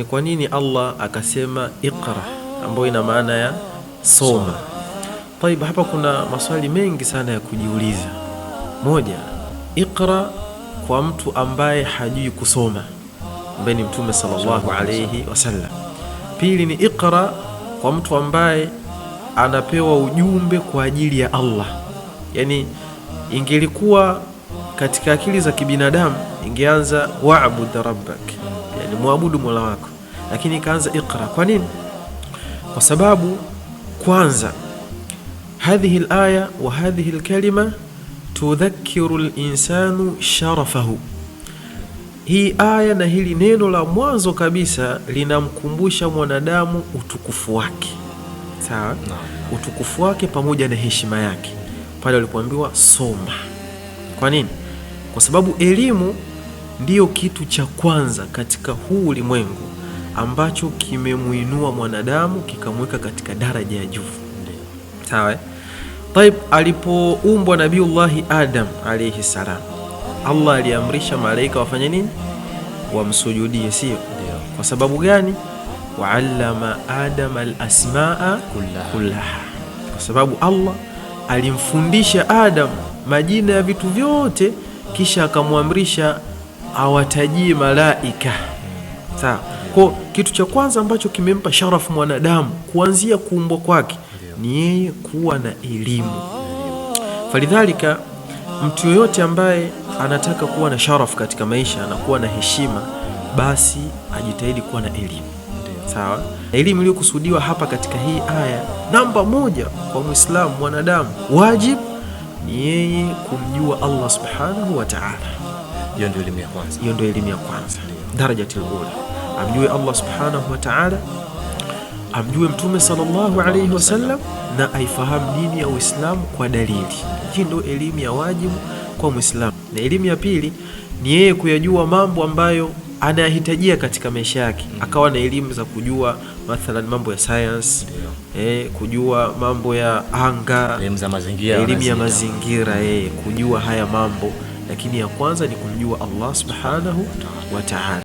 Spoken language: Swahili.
ni kwa nini Allah akasema iqra, ambayo ina maana ya soma. Tayib, hapa kuna maswali mengi sana ya kujiuliza. Moja, iqra kwa mtu ambaye hajui kusoma, ambaye ni Mtume sallallahu alayhi wasallam. Pili ni iqra kwa mtu ambaye anapewa ujumbe kwa ajili ya Allah, yaani ingelikuwa katika akili za kibinadamu ingeanza wa'bud rabbak yani mwabudu mola wako, lakini ikaanza iqra. Kwa nini? Kwa sababu kwanza hadhihi laya wa hadhihi lkalima tudhakiru linsanu sharafahu, hii aya na hili neno la mwanzo kabisa linamkumbusha mwanadamu utukufu wake, sawa, utukufu wake pamoja na heshima yake, pale walipoambiwa soma. Kwa nini? Kwa sababu elimu ndiyo kitu cha kwanza katika huu ulimwengu ambacho kimemuinua mwanadamu kikamweka katika daraja ya juu. Sawa. Taib, alipoumbwa Nabiullahi Adam alaihi salam, Allah aliamrisha malaika wafanye nini? Wamsujudie, sio? Kwa sababu gani? Waallama adam alasmaa kullaha, kwa sababu Allah alimfundisha Adam majina ya vitu vyote, kisha akamwamrisha awatajie malaika sawa. Kwa kitu cha kwanza ambacho kimempa sharafu mwanadamu kuanzia kuumbwa kwake ni yeye kuwa na elimu. Falidhalika, mtu yoyote ambaye anataka kuwa na sharafu katika maisha na kuwa na heshima, basi ajitahidi kuwa na elimu sawa. Elimu iliyokusudiwa hapa katika hii aya namba moja kwa Muislamu mwanadamu, wajibu ni yeye kumjua Allah subhanahu wa ta'ala hiyo ndio elimu ya kwanza, hiyo ndio elimu ya kwanza, darajatul ula, amjue Allah subhanahu wa ta'ala, amjue Mtume sallallahu alayhi wasallam na aifahamu dini ya Uislamu kwa dalili. Hii ndio elimu ya wajibu kwa Muislamu. Na elimu ya pili ni yeye kuyajua mambo ambayo anayahitajia katika maisha yake, akawa na elimu za kujua mathalan mambo ya science, eh, kujua mambo ya anga, elimu ya mazingira, yeye eh, kujua haya mambo lakini ya kwanza ni kumjua Allah subhanahu wa ta'ala.